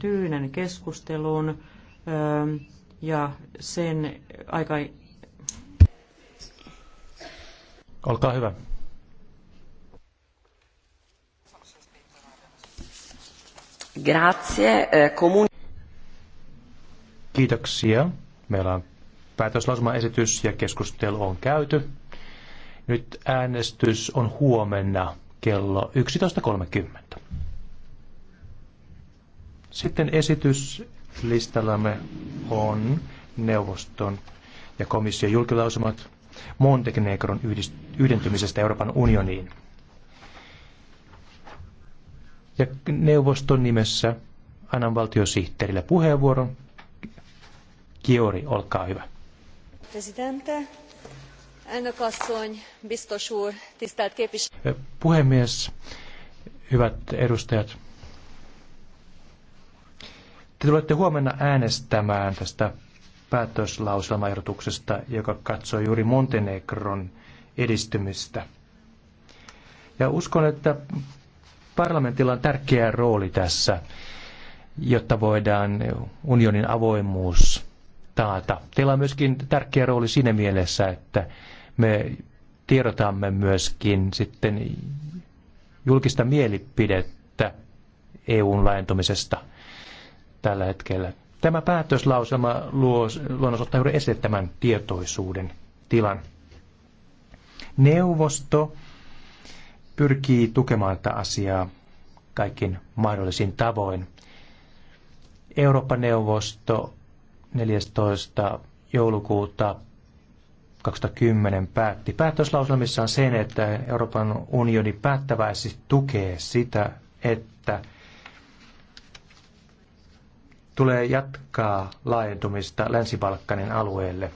Tyynen keskustelun ja sen aika... Olkaa hyvä. Grazie. Comun... Kiitoksia. Meillä on päätöslausumaesitys ja keskustelu on käyty. Nyt äänestys on huomenna kello 11.30. Sitten esityslistallamme on neuvoston ja komission julkilausumat Montenegron yhdentymisestä Euroopan unioniin. Ja neuvoston nimessä annan valtiosihteerille puheenvuoron. Kiori, olkaa hyvä. Presidente, Puhemies, hyvät edustajat, te tulette huomenna äänestämään tästä päätöslauselmaehdotuksesta, joka katsoo juuri Montenegron edistymistä. Ja uskon, että parlamentilla on tärkeä rooli tässä, jotta voidaan unionin avoimuus taata. Teillä on myöskin tärkeä rooli siinä mielessä, että me tiedotamme myöskin sitten julkista mielipidettä EUn laajentumisesta – tällä hetkellä. Tämä päätöslauselma luo, luonnos juuri esille tämän tietoisuuden tilan. Neuvosto pyrkii tukemaan tätä asiaa kaikin mahdollisin tavoin. Euroopan neuvosto 14. joulukuuta 2010 päätti päätöslauselmissaan sen, että Euroopan unioni päättäväisesti tukee sitä, että tulee jatkaa laajentumista Länsi-Balkanin alueelle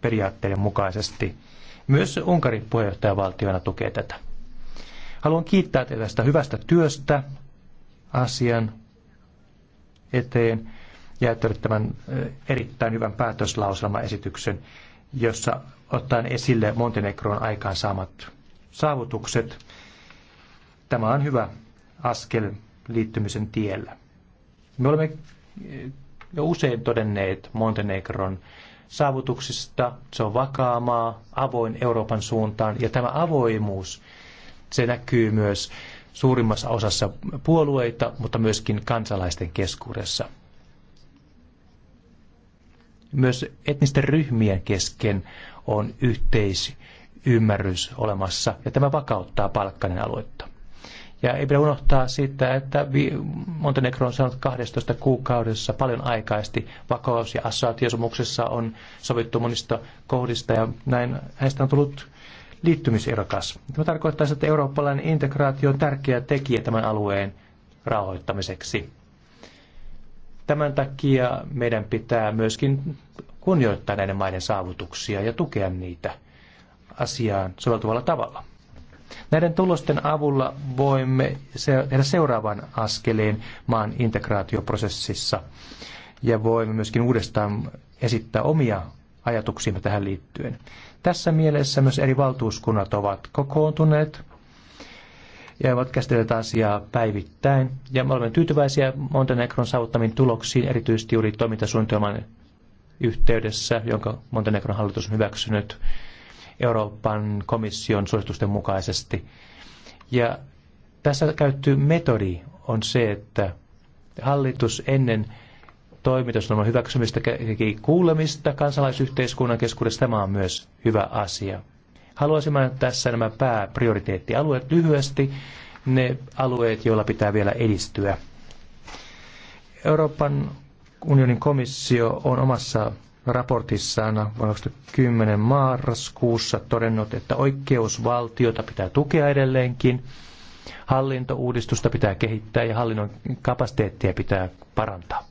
periaatteiden mukaisesti. Myös Unkarin puheenjohtajavaltiona tukee tätä. Haluan kiittää teitä tästä hyvästä työstä asian eteen ja tämän erittäin hyvän päätöslauselmaesityksen, jossa ottaen esille Montenegron aikaansaamat saavutukset. Tämä on hyvä askel liittymisen tiellä. Me olemme jo usein todenneet Montenegron saavutuksista. Se on vakaamaa, avoin Euroopan suuntaan ja tämä avoimuus, se näkyy myös suurimmassa osassa puolueita, mutta myöskin kansalaisten keskuudessa. Myös etnisten ryhmien kesken on yhteisymmärrys olemassa ja tämä vakauttaa palkkainen aluetta. Ja ei pidä unohtaa sitä, että Montenegro on saanut 12 kuukaudessa paljon aikaisesti. Vakaus- ja assoatiasomuksessa on sovittu monista kohdista ja näin hänestä on tullut liittymisirokas. Tämä tarkoittaa, että eurooppalainen integraatio on tärkeä tekijä tämän alueen rauhoittamiseksi. Tämän takia meidän pitää myöskin kunnioittaa näiden maiden saavutuksia ja tukea niitä asiaan soveltuvalla tavalla. Näiden tulosten avulla voimme tehdä seuraavan askeleen maan integraatioprosessissa ja voimme myöskin uudestaan esittää omia ajatuksiamme tähän liittyen. Tässä mielessä myös eri valtuuskunnat ovat kokoontuneet ja ovat käsitelleet asiaa päivittäin. Ja me olemme tyytyväisiä Montenegron saavuttamiin tuloksiin, erityisesti juuri toimintasuunnitelman yhteydessä, jonka Montenegron hallitus on hyväksynyt Euroopan komission suositusten mukaisesti. Ja tässä käytty metodi on se, että hallitus ennen toimitusnoman hyväksymistä teki kuulemista kansalaisyhteiskunnan keskuudessa. Tämä on myös hyvä asia. Haluaisin mainita tässä nämä pääprioriteettialueet lyhyesti, ne alueet, joilla pitää vielä edistyä. Euroopan unionin komissio on omassa raportissaan vuonna 2010 marraskuussa todennut, että oikeusvaltiota pitää tukea edelleenkin, hallintouudistusta pitää kehittää ja hallinnon kapasiteettia pitää parantaa.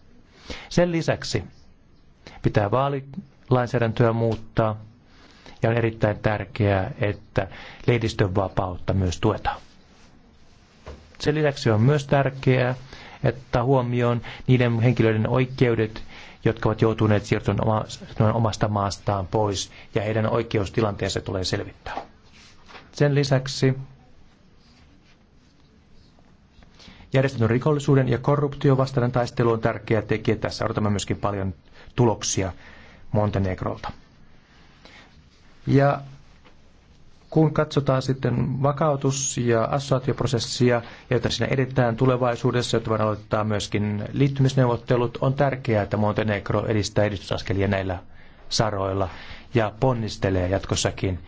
Sen lisäksi pitää vaalilainsäädäntöä muuttaa ja on erittäin tärkeää, että lehdistön vapautta myös tuetaan. Sen lisäksi on myös tärkeää, ottaa huomioon niiden henkilöiden oikeudet, jotka ovat joutuneet siirtymään omasta maastaan pois, ja heidän oikeustilanteensa tulee selvittää. Sen lisäksi järjestetyn rikollisuuden ja korruption vastainen taistelu on tärkeä tekijä. Tässä odotamme myöskin paljon tuloksia Montenegrolta. Ja kun katsotaan sitten vakautus- ja assoaatioprosessia, joita siinä edetään tulevaisuudessa, jotta voidaan aloittaa myöskin liittymisneuvottelut, on tärkeää, että Montenegro edistää edistysaskelia näillä saroilla ja ponnistelee jatkossakin.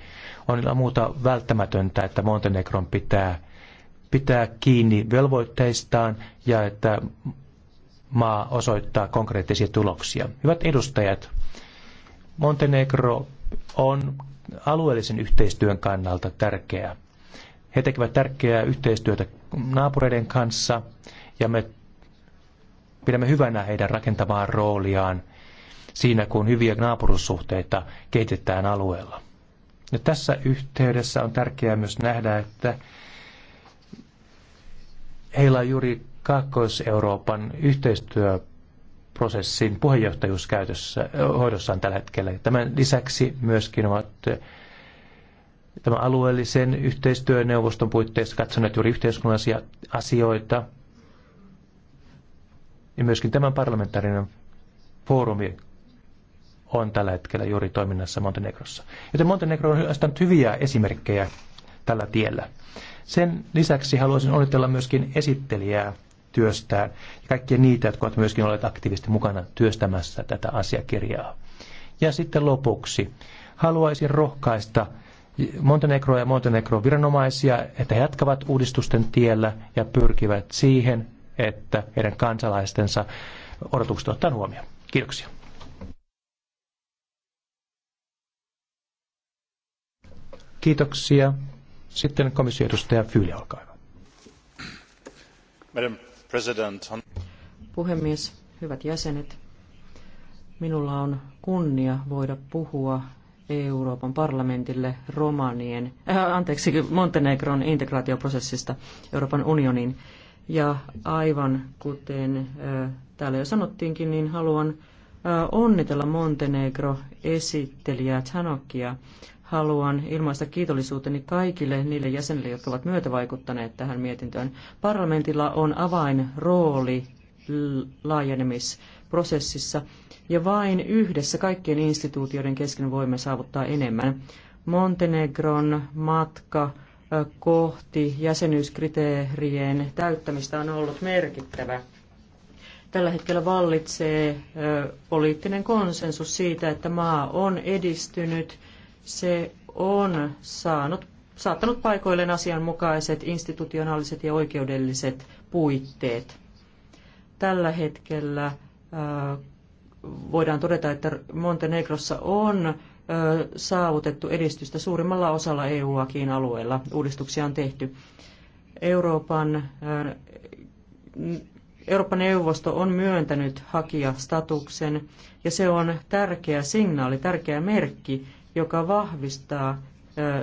On muuta välttämätöntä, että Montenegron pitää pitää kiinni velvoitteistaan ja että maa osoittaa konkreettisia tuloksia. Hyvät edustajat, Montenegro on alueellisen yhteistyön kannalta tärkeää. He tekevät tärkeää yhteistyötä naapureiden kanssa ja me pidämme hyvänä heidän rakentamaan rooliaan siinä, kun hyviä naapurussuhteita kehitetään alueella. Ja tässä yhteydessä on tärkeää myös nähdä, että heillä on juuri Kaakkois-Euroopan yhteistyö prosessin puheenjohtajuuskäytössä hoidossaan tällä hetkellä. Tämän lisäksi myöskin ovat tämän alueellisen yhteistyöneuvoston puitteissa katsoneet juuri yhteiskunnallisia asioita. Ja myöskin tämän parlamentaarinen foorumi on tällä hetkellä juuri toiminnassa Montenegrossa. Joten Montenegro on astanut hyviä esimerkkejä tällä tiellä. Sen lisäksi haluaisin onnitella myöskin esittelijää työstään ja kaikkia niitä, jotka ovat myöskin olleet aktiivisesti mukana työstämässä tätä asiakirjaa. Ja sitten lopuksi haluaisin rohkaista Montenegro ja Montenegro viranomaisia, että he jatkavat uudistusten tiellä ja pyrkivät siihen, että heidän kansalaistensa odotukset otetaan huomioon. Kiitoksia. Kiitoksia. Sitten komissio edustaja Fyyli, olkaa hyvä. Madam Puhemies, hyvät jäsenet, minulla on kunnia voida puhua Euroopan parlamentille romanien, äh, anteeksi, Montenegron integraatioprosessista Euroopan unionin. Ja aivan kuten äh, täällä jo sanottiinkin, niin haluan äh, onnitella Montenegro-esittelijää Tanokia haluan ilmaista kiitollisuuteni kaikille niille jäsenille, jotka ovat myötävaikuttaneet tähän mietintöön. Parlamentilla on avainrooli laajenemisprosessissa ja vain yhdessä kaikkien instituutioiden kesken voimme saavuttaa enemmän. Montenegron matka kohti jäsenyyskriteerien täyttämistä on ollut merkittävä. Tällä hetkellä vallitsee poliittinen konsensus siitä, että maa on edistynyt – se on saanut, saattanut paikoilleen asianmukaiset institutionaaliset ja oikeudelliset puitteet. Tällä hetkellä äh, voidaan todeta, että Montenegrossa on äh, saavutettu edistystä suurimmalla osalla EU-akin alueella. Uudistuksia on tehty. Euroopan, äh, Euroopan neuvosto on myöntänyt hakijastatuksen ja se on tärkeä signaali, tärkeä merkki joka vahvistaa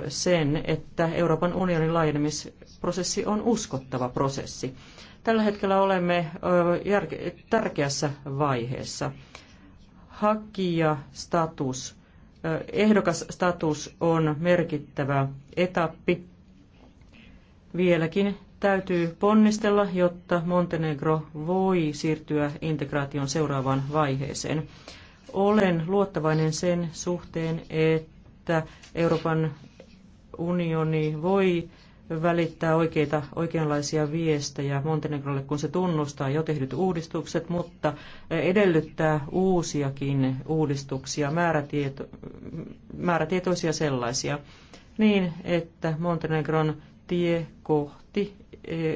sen, että Euroopan unionin laajenemisprosessi on uskottava prosessi. Tällä hetkellä olemme tärkeässä vaiheessa. Hakijastatus, ehdokasstatus on merkittävä etappi. Vieläkin täytyy ponnistella, jotta Montenegro voi siirtyä integraation seuraavaan vaiheeseen. Olen luottavainen sen suhteen, että Euroopan unioni voi välittää oikeita, oikeanlaisia viestejä Montenegrolle, kun se tunnustaa jo tehdyt uudistukset, mutta edellyttää uusiakin uudistuksia, määrätieto, määrätietoisia sellaisia, niin että Montenegron tie kohti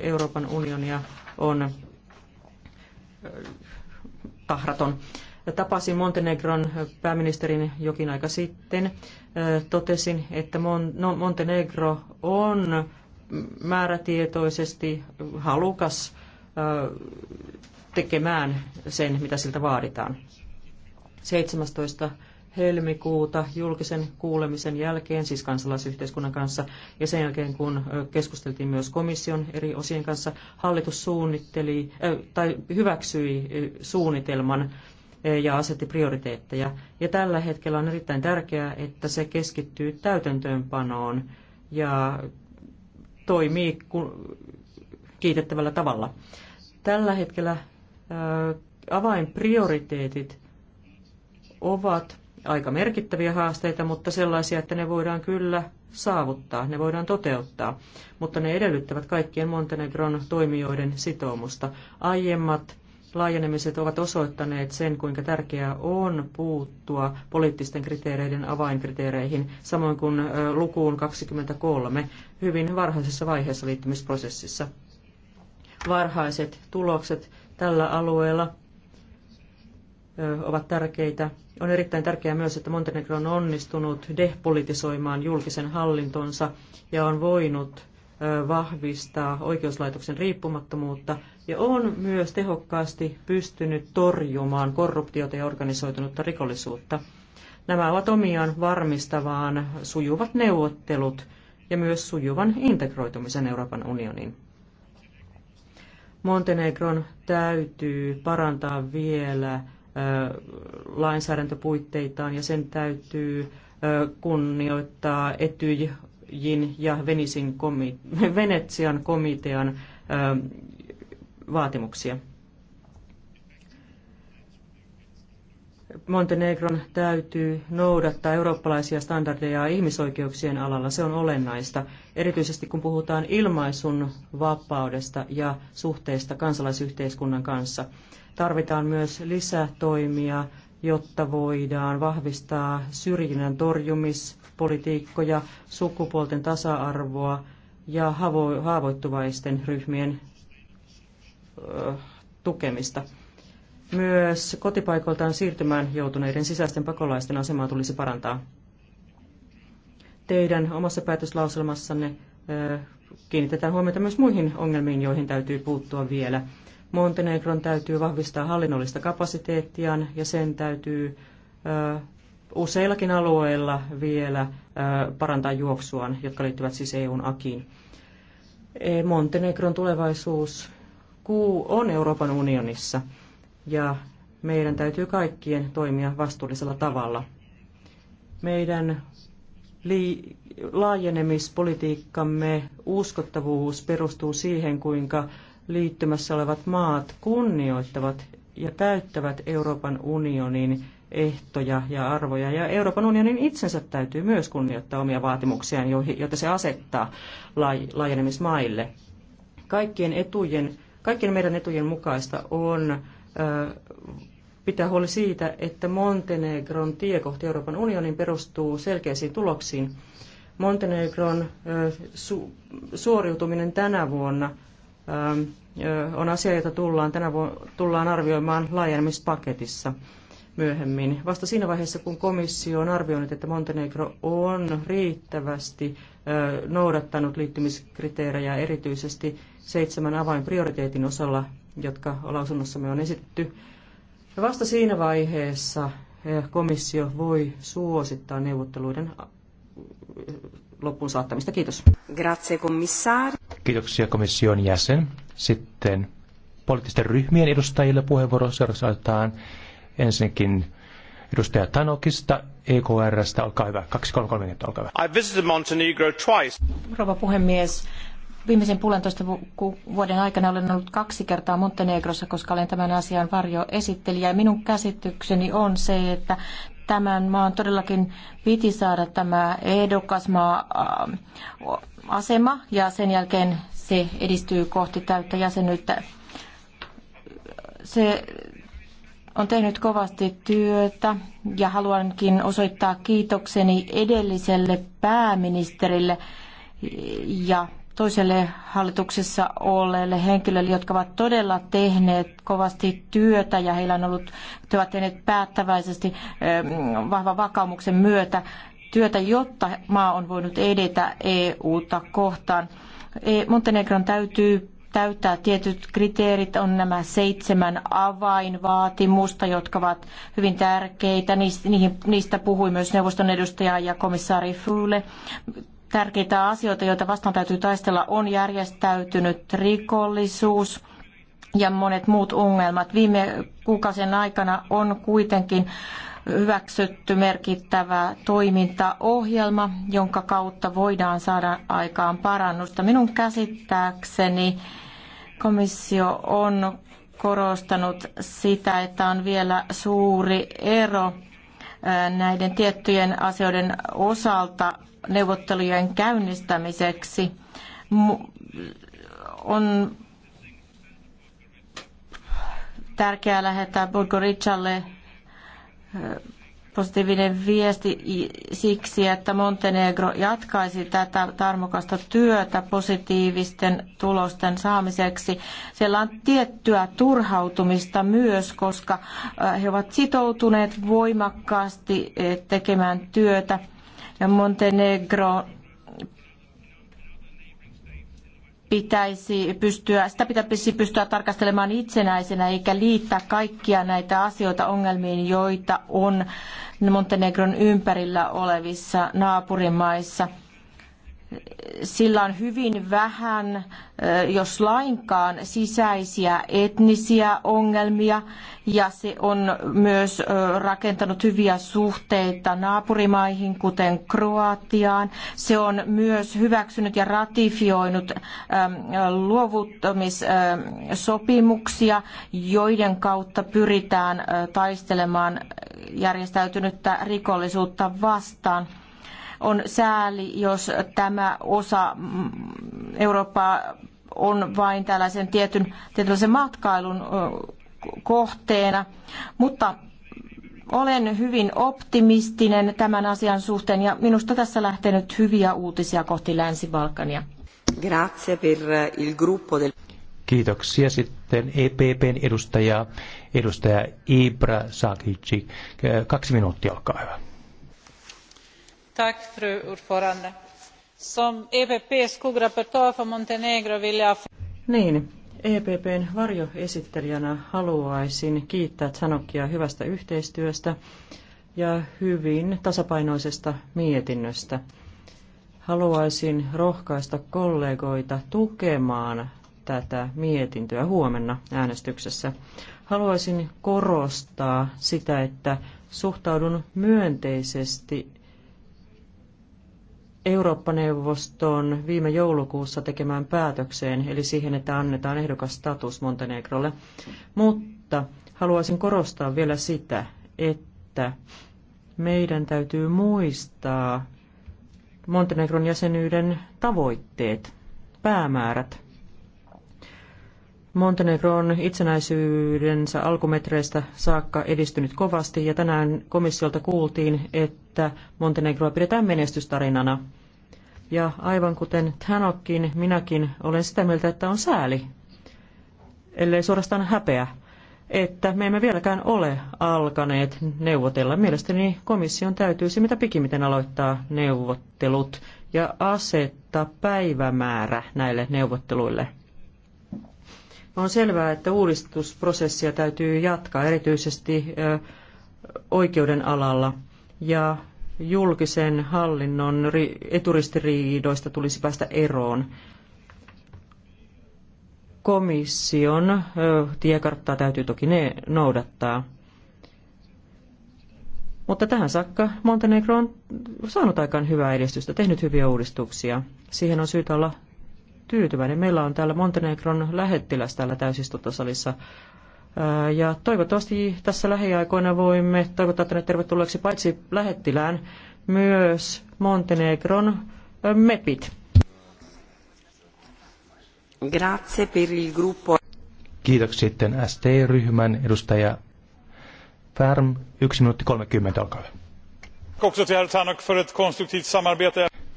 Euroopan unionia on tahraton. Tapasin Montenegron pääministerin jokin aika sitten. Totesin, että no, Montenegro on määrätietoisesti halukas tekemään sen, mitä siltä vaaditaan. 17 helmikuuta julkisen kuulemisen jälkeen, siis kansalaisyhteiskunnan kanssa, ja sen jälkeen kun keskusteltiin myös komission eri osien kanssa, hallitus suunnitteli äh, tai hyväksyi suunnitelman ja asetti prioriteetteja. Ja tällä hetkellä on erittäin tärkeää, että se keskittyy täytäntöönpanoon ja toimii kiitettävällä tavalla. Tällä hetkellä avainprioriteetit ovat aika merkittäviä haasteita, mutta sellaisia, että ne voidaan kyllä saavuttaa, ne voidaan toteuttaa, mutta ne edellyttävät kaikkien Montenegron toimijoiden sitoumusta. Aiemmat laajenemiset ovat osoittaneet sen, kuinka tärkeää on puuttua poliittisten kriteereiden avainkriteereihin, samoin kuin lukuun 23 hyvin varhaisessa vaiheessa liittymisprosessissa. Varhaiset tulokset tällä alueella ovat tärkeitä. On erittäin tärkeää myös, että Montenegro on onnistunut depolitisoimaan julkisen hallintonsa ja on voinut vahvistaa oikeuslaitoksen riippumattomuutta – ja on myös tehokkaasti pystynyt torjumaan korruptiota ja organisoitunutta rikollisuutta. Nämä ovat omiaan varmistavaan sujuvat neuvottelut ja myös sujuvan integroitumisen Euroopan unioniin. Montenegron täytyy parantaa vielä lainsäädäntöpuitteitaan ja sen täytyy kunnioittaa Etyjin ja Venetsian komitean vaatimuksia. Montenegron täytyy noudattaa eurooppalaisia standardeja ihmisoikeuksien alalla. Se on olennaista, erityisesti kun puhutaan ilmaisun vapaudesta ja suhteesta kansalaisyhteiskunnan kanssa. Tarvitaan myös lisätoimia, jotta voidaan vahvistaa syrjinnän torjumispolitiikkoja, sukupuolten tasa-arvoa ja haavoittuvaisten ryhmien tukemista. Myös kotipaikoiltaan siirtymään joutuneiden sisäisten pakolaisten asemaa tulisi parantaa. Teidän omassa päätöslauselmassanne kiinnitetään huomiota myös muihin ongelmiin, joihin täytyy puuttua vielä. Montenegron täytyy vahvistaa hallinnollista kapasiteettiaan ja sen täytyy useillakin alueilla vielä parantaa juoksuaan, jotka liittyvät siis EUn akiin. E, Montenegron tulevaisuus kuu on Euroopan unionissa ja meidän täytyy kaikkien toimia vastuullisella tavalla. Meidän li- laajenemispolitiikkamme uskottavuus perustuu siihen, kuinka liittymässä olevat maat kunnioittavat ja täyttävät Euroopan unionin ehtoja ja arvoja. Ja Euroopan unionin itsensä täytyy myös kunnioittaa omia vaatimuksiaan, joita se asettaa laajenemismaille. Kaikkien etujen Kaikkien meidän etujen mukaista on pitää huoli siitä, että Montenegron tie kohti Euroopan unionin perustuu selkeisiin tuloksiin. Montenegron suoriutuminen tänä vuonna on asia, jota tullaan, tänä vuonna tullaan arvioimaan laajenemispaketissa myöhemmin. Vasta siinä vaiheessa, kun komissio on arvioinut, että Montenegro on riittävästi noudattanut liittymiskriteerejä erityisesti seitsemän avainprioriteetin osalla, jotka lausunnossamme on esitetty. Vasta siinä vaiheessa komissio voi suosittaa neuvotteluiden loppuun saattamista. Kiitos. Grazie, Commissario. Kiitoksia komission jäsen. Sitten poliittisten ryhmien edustajille puheenvuoro seuraavaksi Ensinnäkin edustaja Tanokista, EKRstä, olkaa hyvä. 233 olkaa hyvä. I visited Montenegro twice. Rouva puhemies, viimeisen puolentoista vuoden aikana olen ollut kaksi kertaa Montenegrossa, koska olen tämän asian esittelijä. Minun käsitykseni on se, että tämän maan todellakin piti saada tämä ehdokasmaa äh, asema ja sen jälkeen se edistyy kohti täyttä jäsenyyttä. Se on tehnyt kovasti työtä ja haluankin osoittaa kiitokseni edelliselle pääministerille ja toiselle hallituksessa olleelle henkilölle, jotka ovat todella tehneet kovasti työtä ja heillä on ollut, he ovat tehneet päättäväisesti ähm, vahvan vakaumuksen myötä työtä, jotta maa on voinut edetä EU-ta kohtaan. E Montenegron täytyy täyttää tietyt kriteerit, on nämä seitsemän avainvaatimusta, jotka ovat hyvin tärkeitä. Niistä puhui myös neuvoston edustaja ja komissaari Fule. Tärkeitä asioita, joita vastaan täytyy taistella, on järjestäytynyt rikollisuus ja monet muut ongelmat. Viime kuukausien aikana on kuitenkin hyväksytty merkittävä toimintaohjelma, jonka kautta voidaan saada aikaan parannusta. Minun käsittääkseni Komissio on korostanut sitä, että on vielä suuri ero näiden tiettyjen asioiden osalta neuvottelujen käynnistämiseksi. On tärkeää lähettää Burgoricalle positiivinen viesti siksi, että Montenegro jatkaisi tätä tarmokasta työtä positiivisten tulosten saamiseksi. Siellä on tiettyä turhautumista myös, koska äh, he ovat sitoutuneet voimakkaasti äh, tekemään työtä. Ja Montenegro pitäisi pystyä, sitä pitäisi pystyä tarkastelemaan itsenäisenä eikä liittää kaikkia näitä asioita ongelmiin, joita on Montenegron ympärillä olevissa naapurimaissa sillä on hyvin vähän, jos lainkaan, sisäisiä etnisiä ongelmia ja se on myös rakentanut hyviä suhteita naapurimaihin, kuten Kroatiaan. Se on myös hyväksynyt ja ratifioinut luovuttamissopimuksia, joiden kautta pyritään taistelemaan järjestäytynyttä rikollisuutta vastaan on sääli, jos tämä osa Eurooppaa on vain tällaisen tietyn, tietynlaisen matkailun kohteena, mutta olen hyvin optimistinen tämän asian suhteen ja minusta tässä lähtee nyt hyviä uutisia kohti Länsi-Balkania. Kiitoksia sitten EPPn edustaja, edustaja Ibra Sakici. Kaksi minuuttia, olkaa hyvä fru talman! Som EPPs skuggrapportör för Montenegro vill jag... Niin, EPPn varjoesittelijänä haluaisin kiittää Tsanokia hyvästä yhteistyöstä ja hyvin tasapainoisesta mietinnöstä. Haluaisin rohkaista kollegoita tukemaan tätä mietintöä huomenna äänestyksessä. Haluaisin korostaa sitä, että suhtaudun myönteisesti Eurooppa-neuvoston viime joulukuussa tekemään päätökseen, eli siihen, että annetaan ehdokas status Montenegrolle. Mutta haluaisin korostaa vielä sitä, että meidän täytyy muistaa Montenegron jäsenyyden tavoitteet, päämäärät. Montenegro on itsenäisyydensä alkumetreistä saakka edistynyt kovasti ja tänään komissiolta kuultiin, että Montenegroa pidetään menestystarinana. Ja aivan kuten Tanokkin, minäkin olen sitä mieltä, että on sääli, ellei suorastaan häpeä, että me emme vieläkään ole alkaneet neuvotella. Mielestäni komission täytyisi mitä pikimmiten aloittaa neuvottelut ja asettaa päivämäärä näille neuvotteluille – on selvää, että uudistusprosessia täytyy jatkaa erityisesti oikeuden alalla ja julkisen hallinnon eturistiriidoista tulisi päästä eroon. Komission tiekarttaa täytyy toki ne noudattaa. Mutta tähän saakka Montenegro on saanut aikaan hyvää edistystä, tehnyt hyviä uudistuksia. Siihen on syytä olla tyytyväinen. Meillä on täällä Montenegron lähettiläs täällä täysistuntosalissa. Ja toivottavasti tässä lähiaikoina voimme toivottaa tänne tervetulleeksi paitsi lähettilään, myös Montenegron MEPit. Grazie per il gruppo. Kiitoksia sitten ST-ryhmän edustaja Färm. Yksi minuutti 30, olkaa hyvä.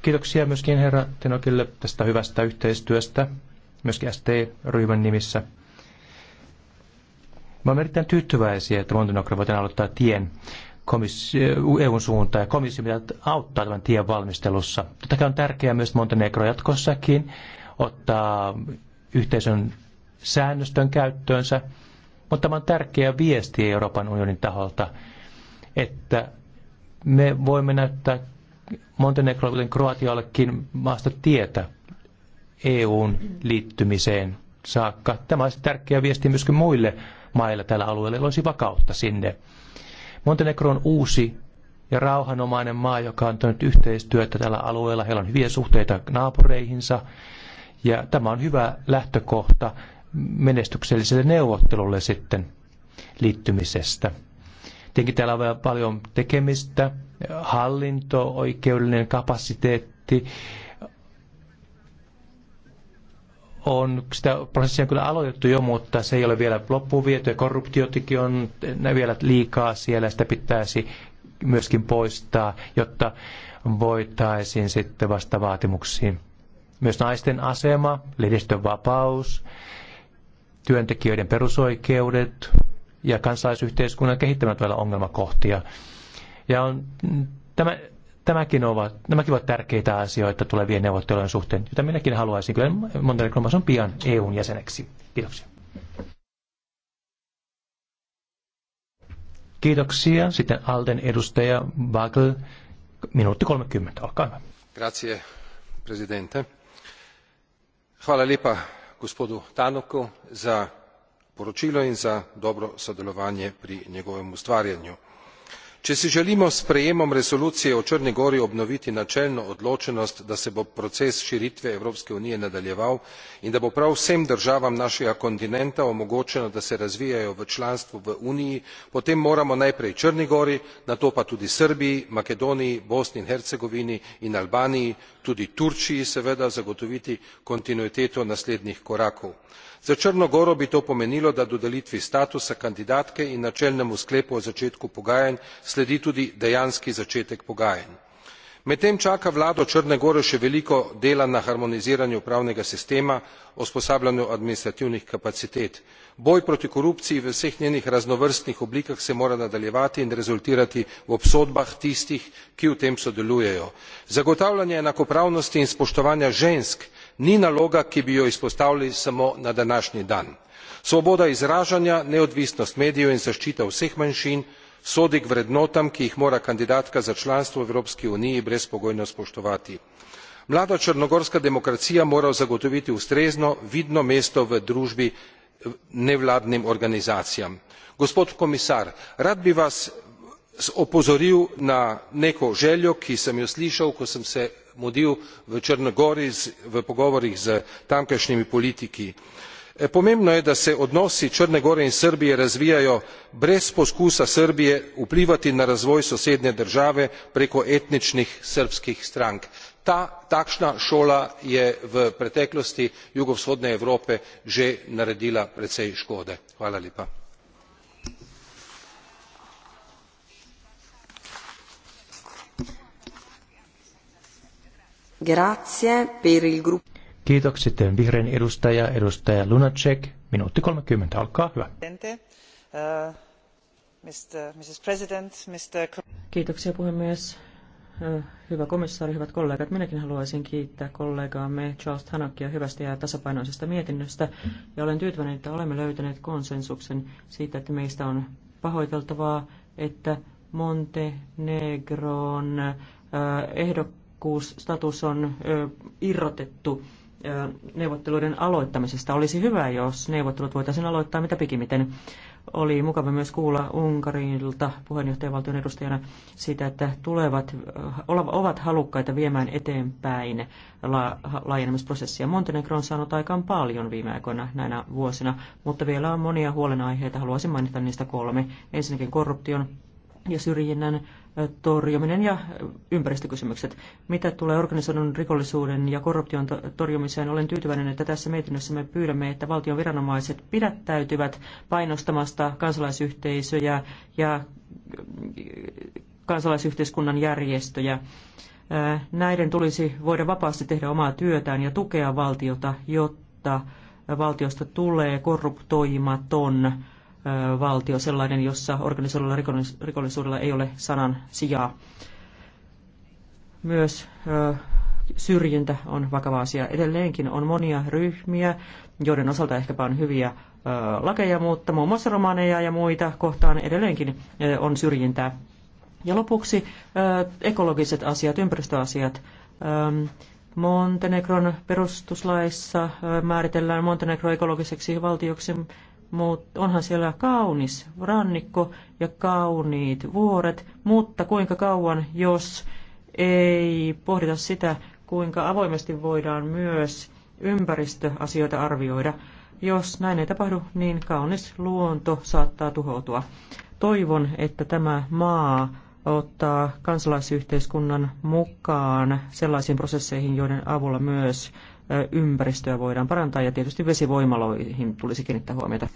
Kiitoksia myöskin herra Tenokille tästä hyvästä yhteistyöstä, myöskin ST-ryhmän nimissä. Mä olen erittäin tyytyväisiä, että Montenegro voidaan aloittaa tien EUn suuntaan ja komissio pitää auttaa tämän tien valmistelussa. kai on tärkeää myös Montenegro jatkossakin ottaa yhteisön säännöstön käyttöönsä, mutta tämä on tärkeä viesti Euroopan unionin taholta, että me voimme näyttää Montenegro, kuten Kroatiallekin, maasta tietä EUn liittymiseen saakka. Tämä olisi tärkeä viesti myöskin muille maille tällä alueella, olisi vakautta sinne. Montenegro on uusi ja rauhanomainen maa, joka on tehnyt yhteistyötä tällä alueella. Heillä on hyviä suhteita naapureihinsa ja tämä on hyvä lähtökohta menestykselliselle neuvottelulle sitten liittymisestä. Tietenkin täällä on vielä paljon tekemistä, hallinto-oikeudellinen kapasiteetti on, sitä prosessia on kyllä aloitettu jo, mutta se ei ole vielä loppuun viety ja korruptiotikin on vielä liikaa siellä, sitä pitäisi myöskin poistaa, jotta voitaisiin sitten vasta vaatimuksiin. Myös naisten asema, lehdistön vapaus, työntekijöiden perusoikeudet ja kansalaisyhteiskunnan kehittämät vielä ongelmakohtia. Ja on, mm, tämä, tämäkin ovat, nämäkin ovat tärkeitä asioita tulevien neuvottelujen suhteen, joita minäkin haluaisin. Kyllä Montenegro on pian EUn jäseneksi. Kiitoksia. Kiitoksia. Sitten Alden edustaja Wagel, minuutti 30, olkaa hyvä. Grazie, presidente. Hvala lipa, gospodu Tanuku za poročilo in za dobro sodelovanje pri njegovem ustvarjanju če si želimo s sprejemom resolucije o črni gori obnoviti načelno odločenost da se bo proces širitve evropske unije nadaljeval in da bo prav vsem državam našega kontinenta omogočeno da se razvijajo v članstvu v uniji potem moramo najprej črni gori nato pa tudi srbiji makedoniji bosni in hercegovini in albaniji tudi turčiji seveda zagotoviti kontinuiteto naslednjih korakov za črno goro bi to pomenilo da dodelitvi statusa kandidatke in načelnemu sklepu o začetku pogajanj sledi tudi dejanski začetek pogajanj. medtem čaka vlado črne gore še veliko dela na harmoniziranju pravnega sistema usposabljanju administrativnih kapacitet. boj proti korupciji v vseh njenih raznovrstnih oblikah se mora nadaljevati in rezultirati v obsodbah tistih ki v tem sodelujejo. zagotavljanje enakopravnosti in spoštovanja žensk ni naloga ki bi jo izpostavili samo na današnji dan. svoboda izražanja neodvisnost medijev in zaščita vseh manjšin sodi k vrednotam ki jih mora kandidatka za članstvo v evropski uniji brezpogojno spoštovati. mlada črnogorska demokracija mora zagotoviti ustrezno vidno mesto v družbi nevladnim organizacijam. gospod komisar rad bi vas opozoril na neko željo ki sem jo slišal ko sem se mudil v črni gori v pogovorih s tamkajšnjimi politiki. E, pomembno je da se odnosi črne gore in srbije razvijajo brez poskusa srbije vplivati na razvoj sosednje države preko etničnih srbskih strank. takšna šola je v preteklosti jugovzhodne evrope že naredila precej škode. Grazie per il gruppo. Kiitokset sitten vihreän edustaja, edustaja Lunacek. Minuutti 30, olkaa hyvä. Uh, Kiitoksia puhemies. Uh, hyvä komissaari, hyvät kollegat, minäkin haluaisin kiittää kollegaamme Charles Hanakia hyvästä ja tasapainoisesta mietinnöstä. Ja olen tyytyväinen, että olemme löytäneet konsensuksen siitä, että meistä on pahoiteltavaa, että Montenegro'n uh, ehdokkaat ehdokkuusstatus on irrotettu neuvotteluiden aloittamisesta. Olisi hyvä, jos neuvottelut voitaisiin aloittaa mitä pikimiten. Oli mukava myös kuulla Unkarilta puheenjohtajavaltion edustajana siitä, että tulevat ovat halukkaita viemään eteenpäin la, laajenemisprosessia. Montenegro on saanut aikaan paljon viime aikoina näinä vuosina, mutta vielä on monia huolenaiheita. Haluaisin mainita niistä kolme. Ensinnäkin korruption ja syrjinnän torjuminen ja ympäristökysymykset. Mitä tulee organisoidun rikollisuuden ja korruption torjumiseen, olen tyytyväinen, että tässä mietinnössä me pyydämme, että valtion viranomaiset pidättäytyvät painostamasta kansalaisyhteisöjä ja kansalaisyhteiskunnan järjestöjä. Näiden tulisi voida vapaasti tehdä omaa työtään ja tukea valtiota, jotta valtiosta tulee korruptoimaton valtio, sellainen, jossa organisoidulla rikollisuudella ei ole sanan sijaa. Myös syrjintä on vakava asia. Edelleenkin on monia ryhmiä, joiden osalta ehkäpä on hyviä lakeja, mutta muun muassa romaneja ja muita kohtaan edelleenkin on syrjintää. Ja lopuksi ekologiset asiat, ympäristöasiat. Montenegron perustuslaissa määritellään Montenegro ekologiseksi valtioksi, mutta onhan siellä kaunis rannikko ja kauniit vuoret, mutta kuinka kauan, jos ei pohdita sitä, kuinka avoimesti voidaan myös ympäristöasioita arvioida. Jos näin ei tapahdu, niin kaunis luonto saattaa tuhoutua. Toivon, että tämä maa ottaa kansalaisyhteiskunnan mukaan sellaisiin prosesseihin, joiden avulla myös ympäristöä voidaan parantaa ja tietysti vesivoimaloihin tulisi kiinnittää huomiota.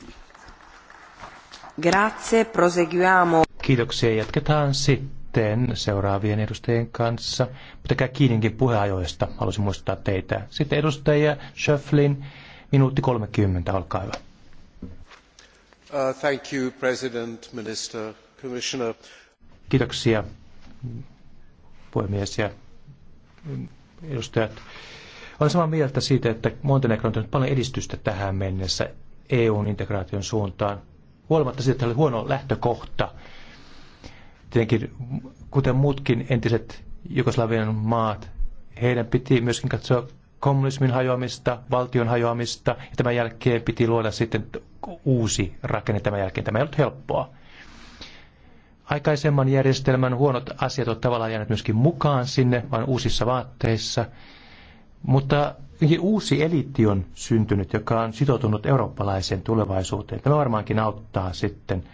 Grazie, proseguiamo. Kiitoksia, jatketaan sitten seuraavien edustajien kanssa. Pitäkää kiinninkin puheajoista, haluaisin muistuttaa teitä. Sitten edustaja Schöflin, minuutti 30, olkaa hyvä. Uh, thank you, President, Minister, Commissioner. Kiitoksia, puhemies ja edustajat. Olen samaa mieltä siitä, että Montenegro on tehnyt paljon edistystä tähän mennessä EUn integraation suuntaan, huolimatta siitä, että oli huono lähtökohta. Tietenkin, kuten muutkin entiset Jugoslavian maat, heidän piti myöskin katsoa kommunismin hajoamista, valtion hajoamista, ja tämän jälkeen piti luoda sitten uusi rakenne tämän jälkeen. Tämä ei ollut helppoa. Aikaisemman järjestelmän huonot asiat ovat tavallaan jääneet myöskin mukaan sinne, vaan uusissa vaatteissa – mutta uusi eliitti on syntynyt, joka on sitoutunut eurooppalaiseen tulevaisuuteen. Tämä varmaankin auttaa sitten,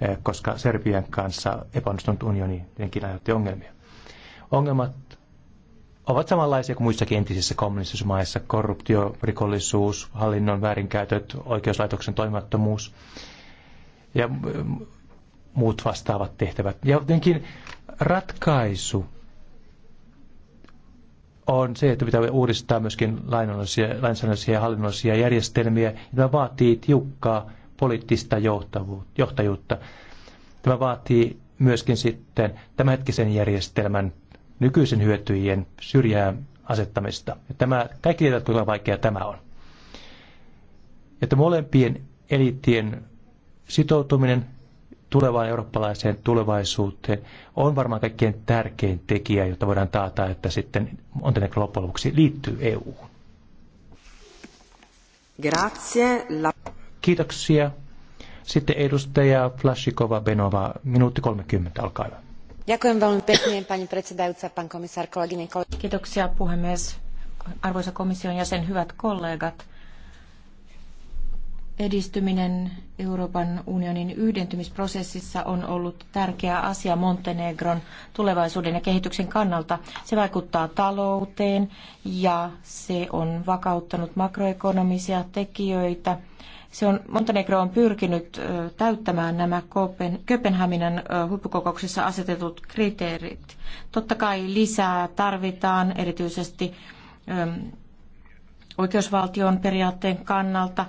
eh, koska Serbian kanssa epäonnistunut unioni tietenkin aiheutti ongelmia. Ongelmat ovat samanlaisia kuin muissakin entisissä kommunistisissa maissa. Korruptio, rikollisuus, hallinnon väärinkäytöt, oikeuslaitoksen toimattomuus ja eh, muut vastaavat tehtävät. Ja jotenkin ratkaisu on se, että pitää uudistaa myöskin lainsäädännöllisiä ja hallinnollisia järjestelmiä. Tämä vaatii tiukkaa poliittista johtajuutta. Tämä vaatii myöskin sitten tämänhetkisen järjestelmän nykyisen hyötyjien syrjään asettamista. Tämä, kaikki tietävät, kuinka vaikea tämä on. Että molempien eliittien sitoutuminen tulevaan eurooppalaiseen tulevaisuuteen on varmaan kaikkein tärkein tekijä, jotta voidaan taata, että sitten Montenegro loppujen lopuksi liittyy eu Grazie. La... Kiitoksia. Sitten edustaja Flashikova Benova, minuutti 30, alkaa hyvä. Kiitoksia puhemies, arvoisa komission jäsen, hyvät kollegat edistyminen Euroopan unionin yhdentymisprosessissa on ollut tärkeä asia Montenegron tulevaisuuden ja kehityksen kannalta. Se vaikuttaa talouteen ja se on vakauttanut makroekonomisia tekijöitä. Se on, Montenegro on pyrkinyt täyttämään nämä Kopen, Köpenhaminan huippukokouksessa asetetut kriteerit. Totta kai lisää tarvitaan erityisesti oikeusvaltion periaatteen kannalta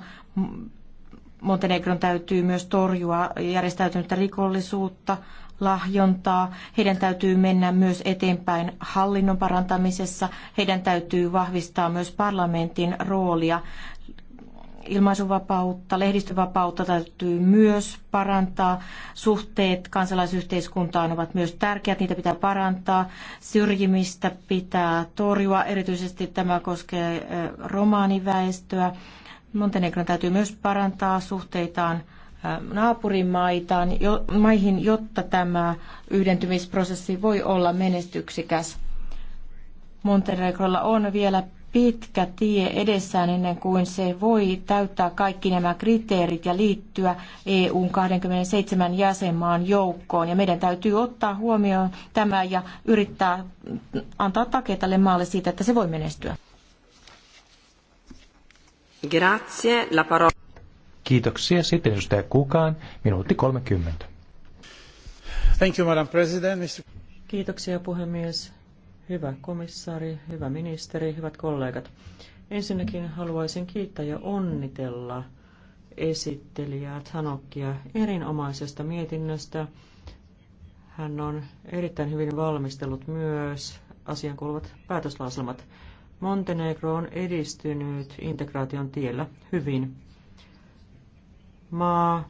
Montenegron täytyy myös torjua järjestäytynyttä rikollisuutta, lahjontaa. Heidän täytyy mennä myös eteenpäin hallinnon parantamisessa. Heidän täytyy vahvistaa myös parlamentin roolia. Ilmaisuvapautta, lehdistövapautta täytyy myös parantaa. Suhteet kansalaisyhteiskuntaan ovat myös tärkeät, niitä pitää parantaa. Syrjimistä pitää torjua, erityisesti tämä koskee eh, romaaniväestöä. Montenegro täytyy myös parantaa suhteitaan naapurimaitaan, jo, maihin, jotta tämä yhdentymisprosessi voi olla menestyksikäs. Montenegrolla on vielä pitkä tie edessään ennen kuin se voi täyttää kaikki nämä kriteerit ja liittyä EUn 27 jäsenmaan joukkoon. Ja meidän täytyy ottaa huomioon tämä ja yrittää antaa takia tälle maalle siitä, että se voi menestyä. Grazie, la parola. Kiitoksia. Sitten edustaja Kukaan, minuutti 30. Thank you, Madam President. Kiitoksia puhemies. Hyvä komissaari, hyvä ministeri, hyvät kollegat. Ensinnäkin haluaisin kiittää ja onnitella esittelijää Tanokkia erinomaisesta mietinnöstä. Hän on erittäin hyvin valmistellut myös asian kuuluvat päätöslauselmat. Montenegro on edistynyt integraation tiellä hyvin. Maa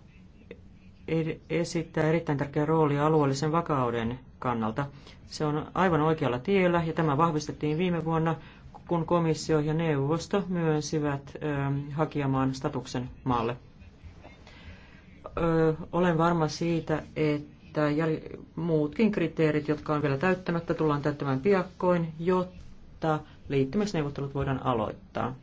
esittää erittäin tärkeä rooli alueellisen vakauden kannalta. Se on aivan oikealla tiellä ja tämä vahvistettiin viime vuonna, kun komissio ja neuvosto myönsivät ö, ähm, hakijamaan statuksen maalle. Ö, olen varma siitä, että jäl- muutkin kriteerit, jotka on vielä täyttämättä, tullaan täyttämään piakkoin, jotta liittymisneuvottelut voidaan aloittaa.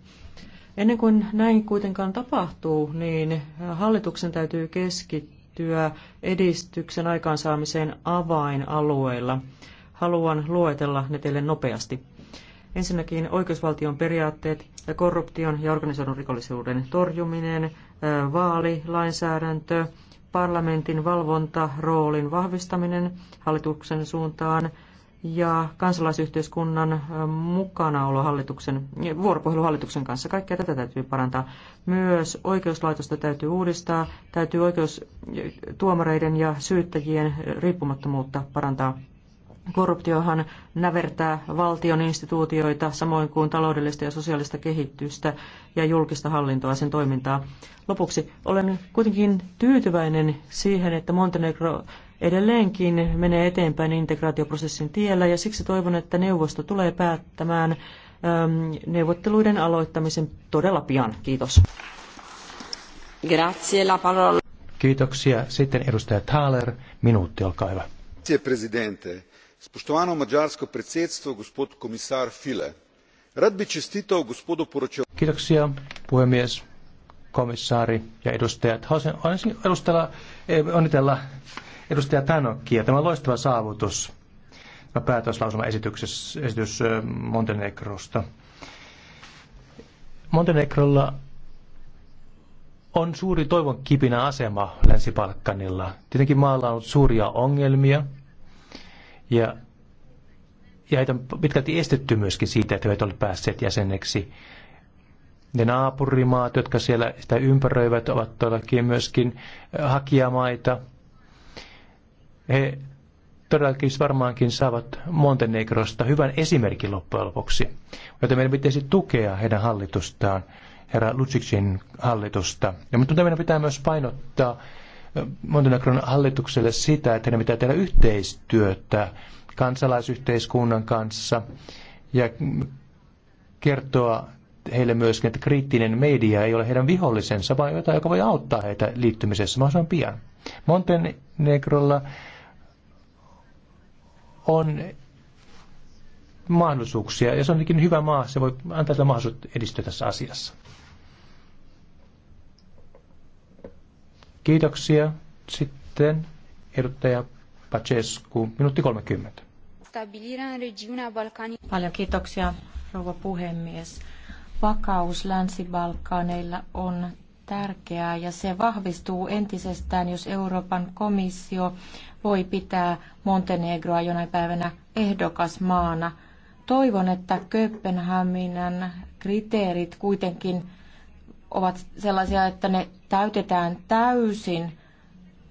Ennen kuin näin kuitenkaan tapahtuu, niin hallituksen täytyy keskittyä edistyksen aikaansaamiseen avainalueilla. Haluan luetella ne teille nopeasti. Ensinnäkin oikeusvaltion periaatteet ja korruption ja organisoidun rikollisuuden torjuminen, vaalilainsäädäntö, parlamentin valvontaroolin vahvistaminen hallituksen suuntaan, ja kansalaisyhteiskunnan mukanaolo hallituksen, vuoropuhelu hallituksen kanssa. Kaikkea tätä täytyy parantaa. Myös oikeuslaitosta täytyy uudistaa, täytyy tuomareiden ja syyttäjien riippumattomuutta parantaa. Korruptiohan nävertää valtion instituutioita, samoin kuin taloudellista ja sosiaalista kehitystä ja julkista hallintoa sen toimintaa. Lopuksi olen kuitenkin tyytyväinen siihen, että Montenegro edelleenkin menee eteenpäin integraatioprosessin tiellä ja siksi toivon, että neuvosto tulee päättämään ähm, neuvotteluiden aloittamisen todella pian. Kiitos. Grazie la parola. Kiitoksia. Sitten edustaja Thaler, minuutti, olkaa hyvä. Grazie, presidente spoštovano madžarsko predsedstvo gospod komisar fle rad bi čestital gospodu Kiitoksia, puhemies, komissaari ja edustajat. Haluaisin edustella, eh, onnitella edustaja Tanokia. Tämä on loistava saavutus, tämä päätöslausuma esitys eh, Montenegrosta. Montenegrolla on suuri toivon kipinä asema Länsi-Balkanilla. Tietenkin maalla on suuria ongelmia, ja, ja heitä on pitkälti estetty myöskin siitä, että he eivät ole päässeet jäseneksi. Ne naapurimaat, jotka siellä sitä ympäröivät, ovat todellakin myöskin eh, hakijamaita. He todellakin varmaankin saavat Montenegrosta hyvän esimerkin loppujen lopuksi. Joten meidän pitäisi tukea heidän hallitustaan, herra Lutsiksin hallitusta. Ja mutta meidän pitää myös painottaa Montenegron hallitukselle sitä, että ne pitää tehdä yhteistyötä kansalaisyhteiskunnan kanssa ja kertoa heille myöskin, että kriittinen media ei ole heidän vihollisensa, vaan jotain, joka voi auttaa heitä liittymisessä mahdollisimman pian. Montenegrolla on mahdollisuuksia, ja se on hyvä maa, se voi antaa mahdollisuutta edistyä tässä asiassa. Kiitoksia. Sitten edustaja Pacescu, minuutti 30. Paljon kiitoksia, rouva puhemies. Vakaus Länsi-Balkaneilla on tärkeää ja se vahvistuu entisestään, jos Euroopan komissio voi pitää Montenegroa jonain päivänä ehdokasmaana. Toivon, että Kööpenhaminan kriteerit kuitenkin ovat sellaisia, että ne täytetään täysin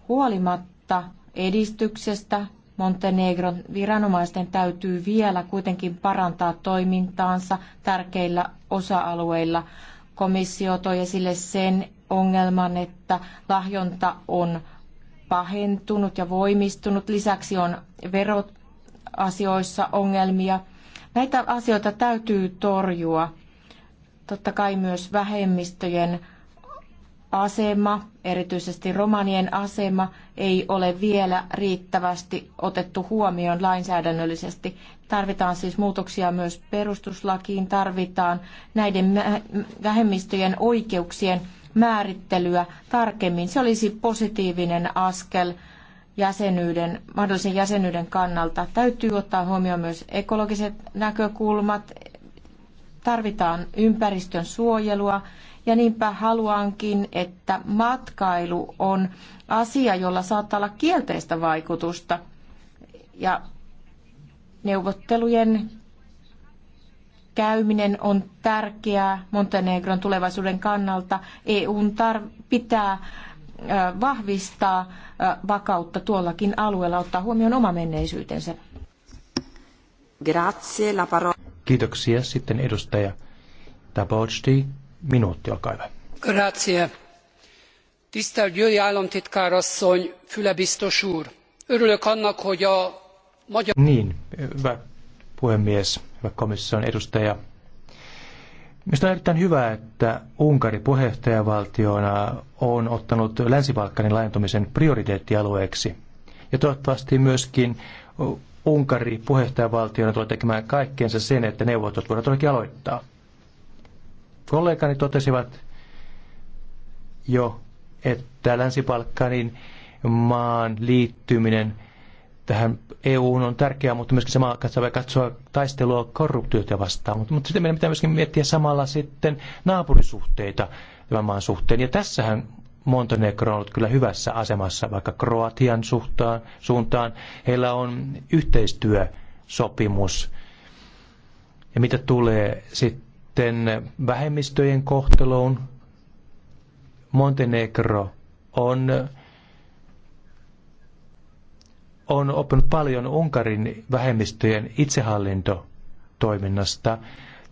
huolimatta edistyksestä. Montenegron viranomaisten täytyy vielä kuitenkin parantaa toimintaansa tärkeillä osa-alueilla. Komissio toi esille sen ongelman, että lahjonta on pahentunut ja voimistunut. Lisäksi on veroasioissa ongelmia. Näitä asioita täytyy torjua. Totta kai myös vähemmistöjen asema, erityisesti romanien asema, ei ole vielä riittävästi otettu huomioon lainsäädännöllisesti. Tarvitaan siis muutoksia myös perustuslakiin, tarvitaan näiden vähemmistöjen oikeuksien määrittelyä tarkemmin. Se olisi positiivinen askel jäsenyyden, mahdollisen jäsenyyden kannalta. Täytyy ottaa huomioon myös ekologiset näkökulmat, tarvitaan ympäristön suojelua ja niinpä haluankin, että matkailu on asia, jolla saattaa olla kielteistä vaikutusta. Ja neuvottelujen käyminen on tärkeää Montenegron tulevaisuuden kannalta. EUn tar- pitää vahvistaa vakautta tuollakin alueella, ottaa huomioon oma menneisyytensä. Grazie, la parola. Kiitoksia. Sitten edustaja Tabocsti. Minuutti, olkaa hyvä. Grazie. Tisztelt Győri államtitkár asszony, Füle biztos úr. Örülök annak, hogy a magyar... Niin, hyvä puhemies, hyvä komission edustaja. Minusta on erittäin hyvä, että Unkari puheenjohtajavaltiona on ottanut Länsi-Balkanin laajentumisen prioriteettialueeksi. Ja toivottavasti myöskin Unkari puheenjohtajavaltiona tulee tekemään kaikkeensa sen, että neuvottelut voidaan todellakin aloittaa. Kollegani totesivat jo, että Länsi-Balkanin maan liittyminen tähän EU on tärkeää, mutta myöskin samalla katsoa, katsoa taistelua korruptiota vastaan. Mutta, mutta sitten meidän pitää myöskin miettiä samalla sitten naapurisuhteita tämän maan suhteen. Ja tässähän Montenegro on ollut kyllä hyvässä asemassa vaikka Kroatian suhtaan, suuntaan. Heillä on yhteistyösopimus. Ja mitä tulee sitten vähemmistöjen kohteluun, Montenegro on, on oppinut paljon Unkarin vähemmistöjen itsehallintotoiminnasta. toiminnasta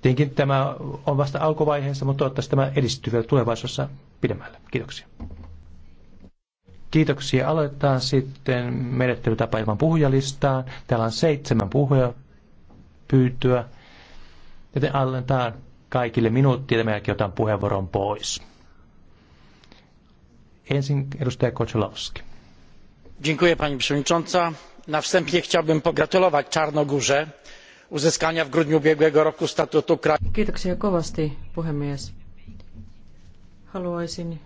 Tietenkin tämä on vasta alkuvaiheessa, mutta toivottavasti tämä edistyy vielä tulevaisuudessa pidemmälle. Kiitoksia. Kiitoksia. Aloitetaan sitten menettelytapa ilman puhujalistaan. Täällä on seitsemän puhuja pyytyä. Joten allentaan kaikille minuuttia ja melkein otan puheenvuoron pois. Ensin edustaja Kocholowski. Dziękuję pani przewodnicząca. Na wstępie chciałbym pogratulować Czarnogórze uzyskania w grudniu ubiegłego roku statutu kraju. Kiitoksia kovasti, puhemies. Haluaisin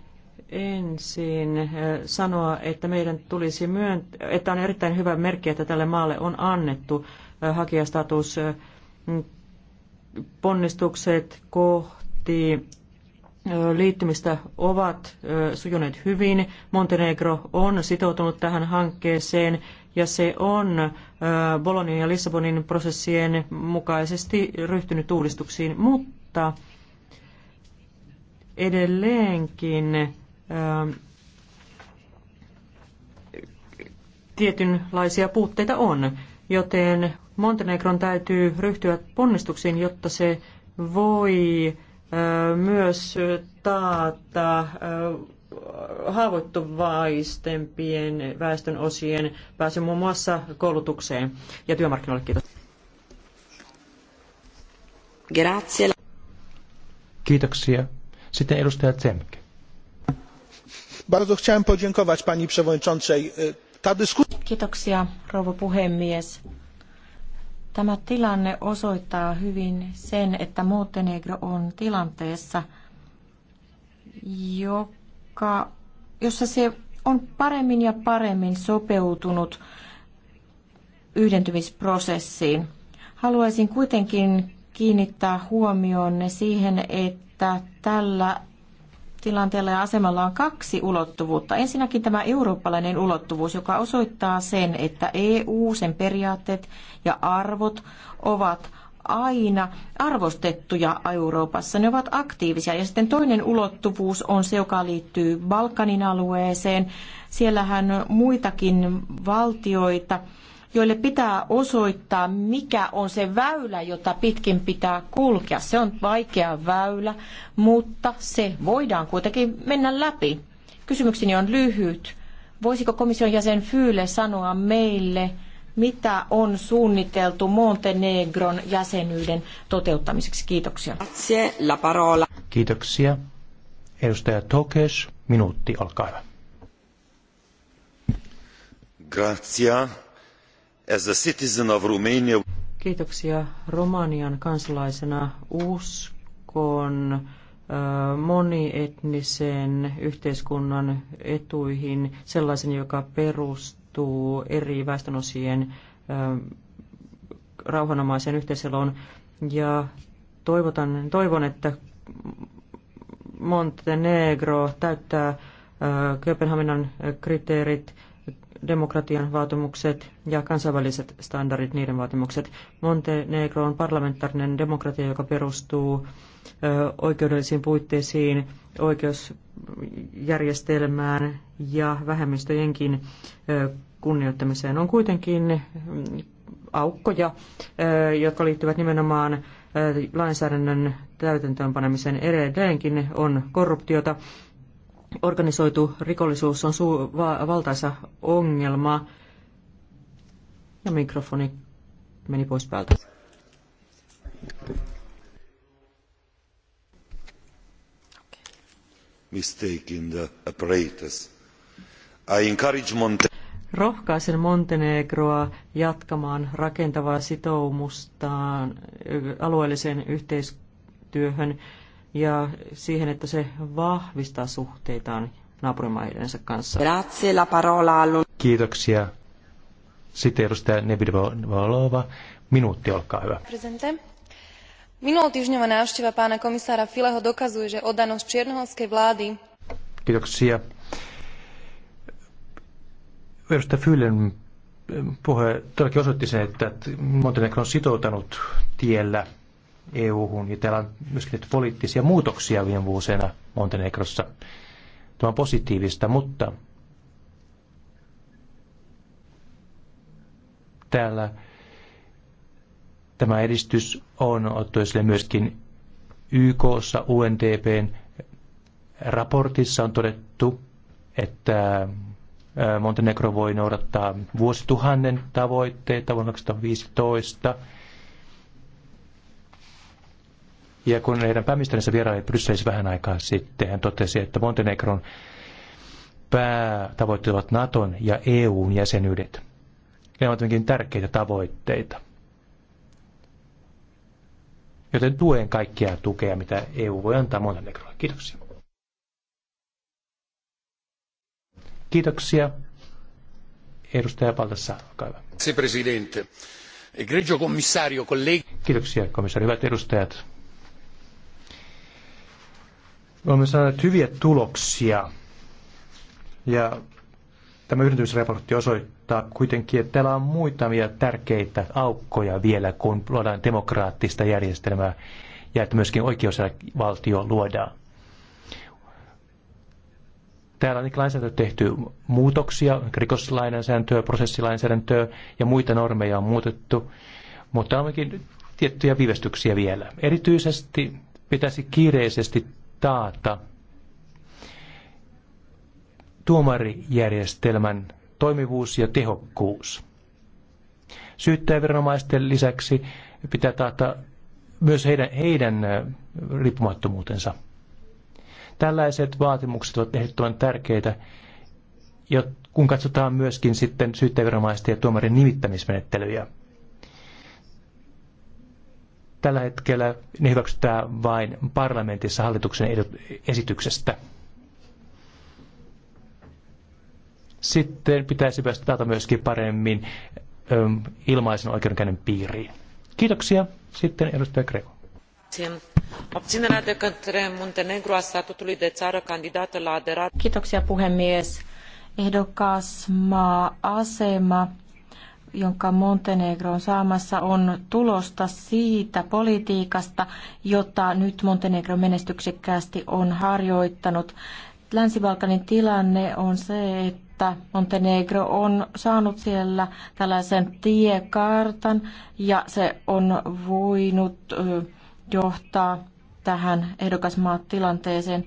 ensin e, sanoa, että meidän tulisi myöntää, että on erittäin hyvä merkki, että tälle maalle on annettu e, hakijastatus e, ponnistukset kohti liittymistä ovat sujuneet hyvin. Montenegro on sitoutunut tähän hankkeeseen ja se on Bolonian ja Lissabonin prosessien mukaisesti ryhtynyt uudistuksiin, mutta edelleenkin tietynlaisia puutteita on, joten Montenegron täytyy ryhtyä ponnistuksiin, jotta se voi myös taata haavoittuvaistempien väestön osien pääsy muun muassa koulutukseen ja työmarkkinoille. Kiitos. Grazie. Kiitoksia. Sitten edustaja Zemke. Bardzo chciałem podziękować pani przewodniczącej. Ta Kiitoksia, rouva puhemies. Tämä tilanne osoittaa hyvin sen, että Montenegro on tilanteessa, jo, paikkaa, jossa se on paremmin ja paremmin sopeutunut yhdentymisprosessiin. Haluaisin kuitenkin kiinnittää huomionne siihen, että tällä tilanteella ja asemalla on kaksi ulottuvuutta. Ensinnäkin tämä eurooppalainen ulottuvuus, joka osoittaa sen, että EU, sen periaatteet ja arvot ovat aina arvostettuja Euroopassa. Ne ovat aktiivisia. Ja sitten toinen ulottuvuus on se, joka liittyy Balkanin alueeseen. Siellähän on muitakin valtioita, joille pitää osoittaa, mikä on se väylä, jota pitkin pitää kulkea. Se on vaikea väylä, mutta se voidaan kuitenkin mennä läpi. Kysymykseni on lyhyt. Voisiko komission jäsen Fyyle sanoa meille, mitä on suunniteltu Montenegron jäsenyyden toteuttamiseksi? Kiitoksia. Kiitoksia. Edustaja Tokes, minuutti, olkaa hyvä. As a citizen of Romania... Kiitoksia Romanian kansalaisena uskon äh, monietnisen yhteiskunnan etuihin, sellaisen, joka perustuu perustuu eri väestönosien rauhanomaiseen yhteiseloon. Ja toivotan, toivon, että Montenegro täyttää Kööpenhaminan kriteerit, demokratian vaatimukset ja kansainväliset standardit, niiden vaatimukset. Montenegro on parlamentaarinen demokratia, joka perustuu oikeudellisiin puitteisiin, oikeusjärjestelmään ja vähemmistöjenkin kunnioittamiseen. On kuitenkin mm, aukkoja, jotka liittyvät nimenomaan lainsäädännön täytäntöönpanemiseen edelleenkin on korruptiota. Organisoitu rikollisuus on suu va- valtaisa ongelma. Ja mikrofoni meni pois päältä. Mistake in the apparatus. I encourage Montenegro. Rohkaisen Montenegroa jatkamaan rakentavaa sitoumustaan alueelliseen yhteistyöhön ja siihen, että se vahvistaa suhteitaan naapurimaidensa kanssa. Grazie la parola Kiitoksia. Sitten edustaja Nebidvalova. Minuutti, olkaa hyvä. Presidente. Minulotýždňová návšteva pána komisára Fileho dokazuje, že oddanosť čiernohorskej vlády Kiitoksia Edustaja Fyllen eh, puhe todellakin osoitti se, että Montenegro on sitoutanut tiellä EU-hun, ja täällä on myöskin tehty poliittisia muutoksia viime vuosina Montenegrossa. Tämä on positiivista, mutta täällä tämä edistys on otettu esille myöskin YK, UNDPn raportissa on todettu, että Montenegro voi noudattaa vuosituhannen tavoitteita vuonna 2015. Ja kun heidän pääministerinsä vieraili Brysselissä vähän aikaa sitten, hän totesi, että Montenegron päätavoitteet ovat Naton ja EUn jäsenyydet. Ne ovat tietenkin tärkeitä tavoitteita. Joten tuen kaikkia tukea, mitä EU voi antaa Montenegrolle. Kiitoksia. Kiitoksia. Edustaja Paltassa, olkaa hyvä. Se presidente. Egregio komissario, kollegi. Kiitoksia komissaari. Hyvät edustajat. Olemme saaneet hyviä tuloksia ja tämä yritysraportti osoittaa kuitenkin, että täällä on muutamia tärkeitä aukkoja vielä, kun luodaan demokraattista järjestelmää ja että myöskin oikeusvaltio luodaan. Täällä on lainsäädäntö tehty muutoksia, rikoslainsäädäntöä, prosessilainsäädäntöä ja muita normeja on muutettu, mutta onkin tiettyjä viivästyksiä vielä. Erityisesti pitäisi kiireisesti taata tuomarijärjestelmän toimivuus ja tehokkuus. Syyttäjäviranomaisten lisäksi pitää taata myös heidän, heidän riippumattomuutensa. Tällaiset vaatimukset ovat ehdottoman tärkeitä, kun katsotaan myöskin sitten syyttäjäviranomaisten ja tuomarin nimittämismenettelyjä. Tällä hetkellä ne hyväksytään vain parlamentissa hallituksen esityksestä. Sitten pitäisi päästä myöskin paremmin ilmaisen oikeudenkäynnin piiriin. Kiitoksia. Sitten edustaja Grego obinerea de către muntenegru a statutului de ară candidată la aderare. puhemies. Ehdokasmaa asema, jonka Montenegro on saamassa, on tulosta siitä politiikasta, jota nyt Montenegro menestyksekkäästi on harjoittanut. Länsi-Balkanin tilanne on se, että Montenegro on saanut siellä tällaisen tiekartan ja se on voinut johtaa tähän ehdokasmaatilanteeseen.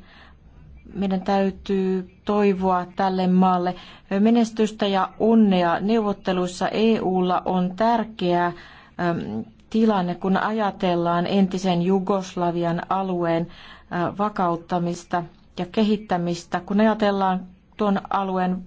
Meidän täytyy toivoa tälle maalle menestystä ja onnea. Neuvotteluissa EUlla on tärkeä tilanne, kun ajatellaan entisen Jugoslavian alueen vakauttamista ja kehittämistä. Kun ajatellaan tuon alueen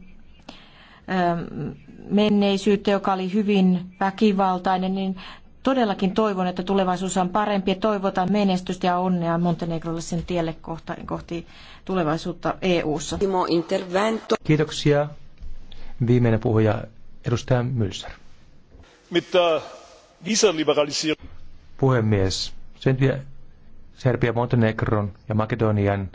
menneisyyttä, joka oli hyvin väkivaltainen, niin todellakin toivon, että tulevaisuus on parempi ja toivotan menestystä ja onnea Montenegrolle sen tielle kohta, kohti tulevaisuutta EU-ssa. Kiitoksia. Viimeinen puhuja, edustaja Mylsär. Puhemies, sen Serbia, Montenegron ja Makedonian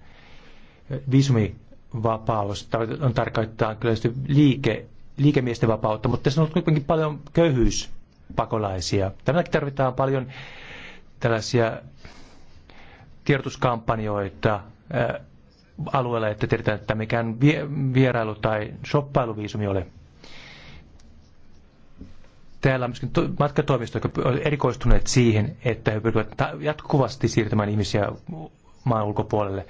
viisumivapaus on tarkoittaa kyllä liike, liikemiesten vapautta, mutta tässä on ollut kuitenkin paljon köyhyys pakolaisia. Tämäkin tarvitaan paljon tällaisia tiedotuskampanjoita alueella, että tiedetään, että mikään vierailu- tai shoppailuviisumi ole. Täällä on myöskin matkatoimisto, jotka ovat erikoistuneet siihen, että he pyrkivät jatkuvasti siirtämään ihmisiä maan ulkopuolelle.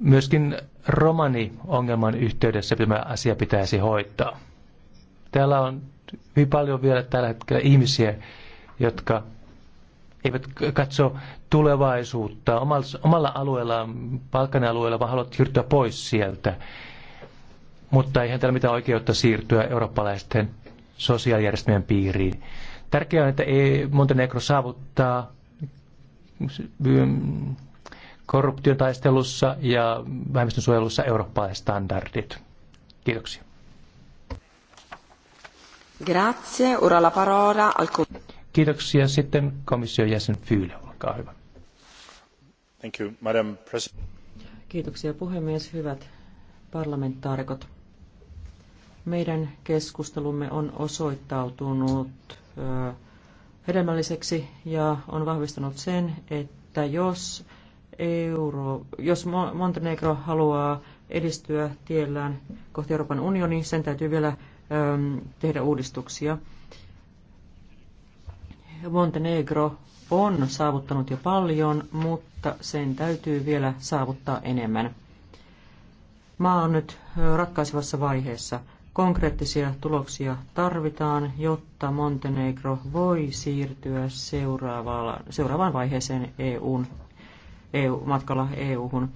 Myöskin romani-ongelman yhteydessä tämä asia pitäisi hoitaa. Täällä on hyvin paljon vielä tällä hetkellä ihmisiä, jotka eivät katso tulevaisuutta omalla, omalla alueellaan, Balkanin alueella, vaan haluavat siirtyä pois sieltä. Mutta eihän täällä mitään oikeutta siirtyä eurooppalaisten sosiaalijärjestelmien piiriin. Tärkeää on, että e- Montenegro saavuttaa korruption taistelussa ja vähemmistön suojelussa eurooppalaiset standardit. Kiitoksia. Grazie. Ora la parola al... Kiitoksia. Sitten komission jäsen Fyyle, olkaa hyvä. Thank you, Madam President. Kiitoksia puhemies. Hyvät parlamentaarikot. Meidän keskustelumme on osoittautunut hedelmälliseksi ja on vahvistanut sen, että jos, Euro, jos Montenegro haluaa edistyä tiellään kohti Euroopan unionia, sen täytyy vielä Ähm, tehdä uudistuksia. Montenegro on saavuttanut jo paljon, mutta sen täytyy vielä saavuttaa enemmän. Maa on nyt ratkaisevassa vaiheessa. Konkreettisia tuloksia tarvitaan, jotta Montenegro voi siirtyä seuraavaan vaiheeseen EUn EU, matkalla EU-hun.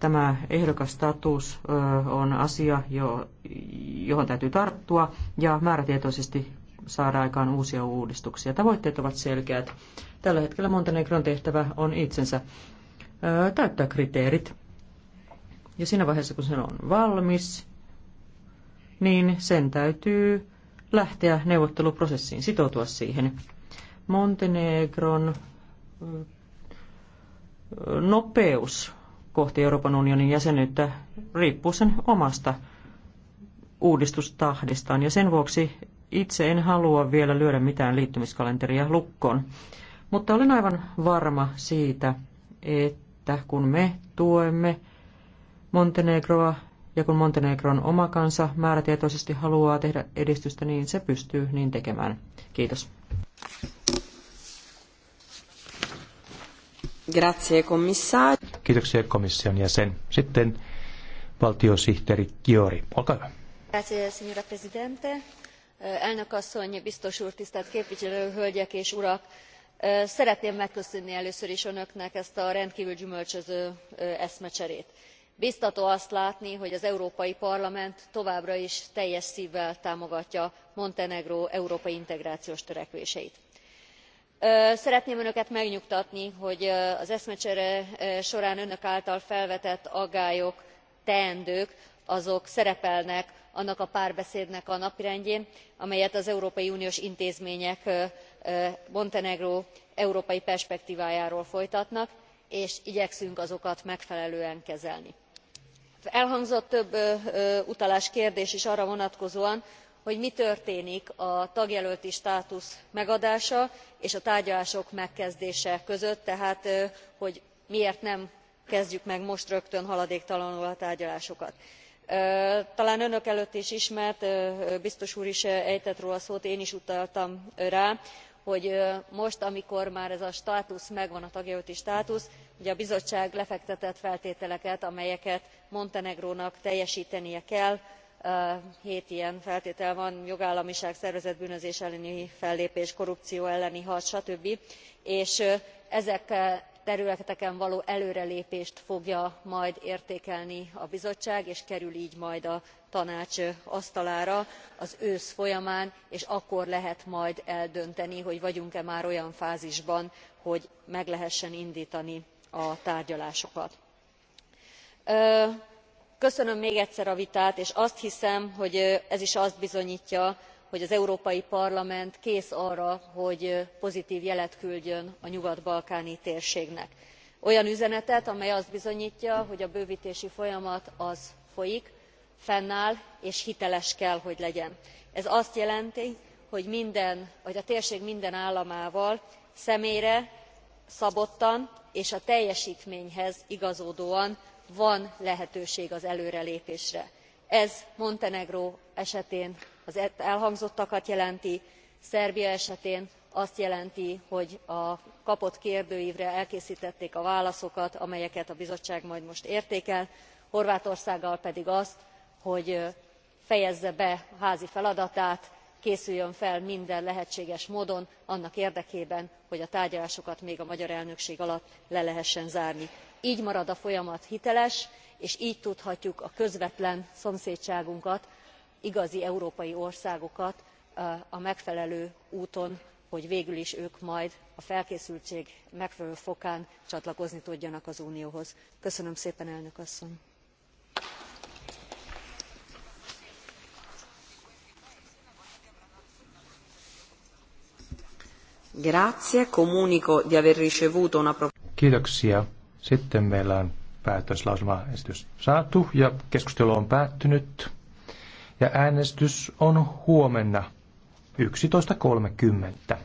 Tämä ehdokasstatus on asia, johon täytyy tarttua ja määrätietoisesti saada aikaan uusia uudistuksia. Tavoitteet ovat selkeät. Tällä hetkellä Montenegron tehtävä on itsensä täyttää kriteerit. Ja siinä vaiheessa, kun se on valmis, niin sen täytyy lähteä neuvotteluprosessiin, sitoutua siihen. Montenegron nopeus kohti Euroopan unionin jäsenyyttä riippuu sen omasta uudistustahdistaan. Ja sen vuoksi itse en halua vielä lyödä mitään liittymiskalenteria lukkoon. Mutta olen aivan varma siitä, että kun me tuemme Montenegroa ja kun Montenegron oma kansa määrätietoisesti haluaa tehdä edistystä, niin se pystyy niin tekemään. Kiitos. Grazie, komissaari. Kiitoksia komission jäsen. Sitten valtiosihteeri Kiori, olkaa hyvä. Grazie, signora presidente. Eh, elnök asszony, biztos úr, tisztelt képviselő, hölgyek és urak! Eh, szeretném megköszönni először is önöknek ezt a rendkívül gyümölcsöző eh, eszmecserét. Biztató azt látni, hogy az Európai Parlament továbbra is teljes szívvel támogatja Montenegró európai integrációs törekvéseit szeretném önöket megnyugtatni hogy az eszmecsere során önök által felvetett aggályok teendők azok szerepelnek annak a párbeszédnek a napirendjén amelyet az európai uniós intézmények montenegró európai perspektvájáról folytatnak és igyekszünk azokat megfelelően kezelni. elhangzott több utalás kérdés is arra vonatkozóan hogy mi történik a tagjelölti státusz megadása és a tárgyalások megkezdése között tehát hogy miért nem kezdjük meg most rögtön haladéktalanul a tárgyalásokat. talán önök előtt is ismert biztos úr is ejtett róla szót én is utaltam rá hogy most amikor már ez a státusz megvan a tagjelölti státusz ugye a bizottság lefektetett feltételeket amelyeket montenegrónak teljestenie kell hét ilyen feltétel van jogállamiság szervezett bűnözés elleni fellépés korrupció elleni harc stb. és ezen területeken való előrelépést fogja majd értékelni a bizottság és kerül gy majd a tanács asztalára az ősz folyamán és akkor lehet majd eldönteni hogy vagyunk e már olyan fázisban hogy meg lehessen indtani a tárgyalásokat köszönöm még egyszer a vitát és azt hiszem hogy ez is azt bizonytja hogy az európai parlament kész arra hogy pozitv jelet küldjön a nyugat balkáni térségnek olyan üzenetet amely azt bizonytja hogy a bővtési folyamat az folyik fennáll és hiteles kell hogy legyen. ez azt jelenti hogy a térség minden államával személyre szabottan és a teljestményhez igazodóan van lehetőség az előrelépésre. ez montenegró esetén az e- elhangzottakat jelenti szerbia esetén azt jelenti hogy a kapott kérdővre elkésztették a válaszokat amelyeket a bizottság majd most értékel horvátországgal pedig azt hogy fejezze be házi feladatát készüljön fel minden lehetséges módon annak érdekében hogy a tárgyalásokat még a magyar elnökség alatt le lehessen zárni gy marad a folyamat hiteles és gy tudhatjuk a közvetlen szomszédságunkat igazi európai országokat a megfelelő úton hogy végül is ők majd a felkészültség megfelelő fokán csatlakozni tudjanak az unióhoz. köszönöm szépen elnök asszony! Sitten meillä on päätöslauselmaesitys saatu ja keskustelu on päättynyt. Ja äänestys on huomenna 11.30.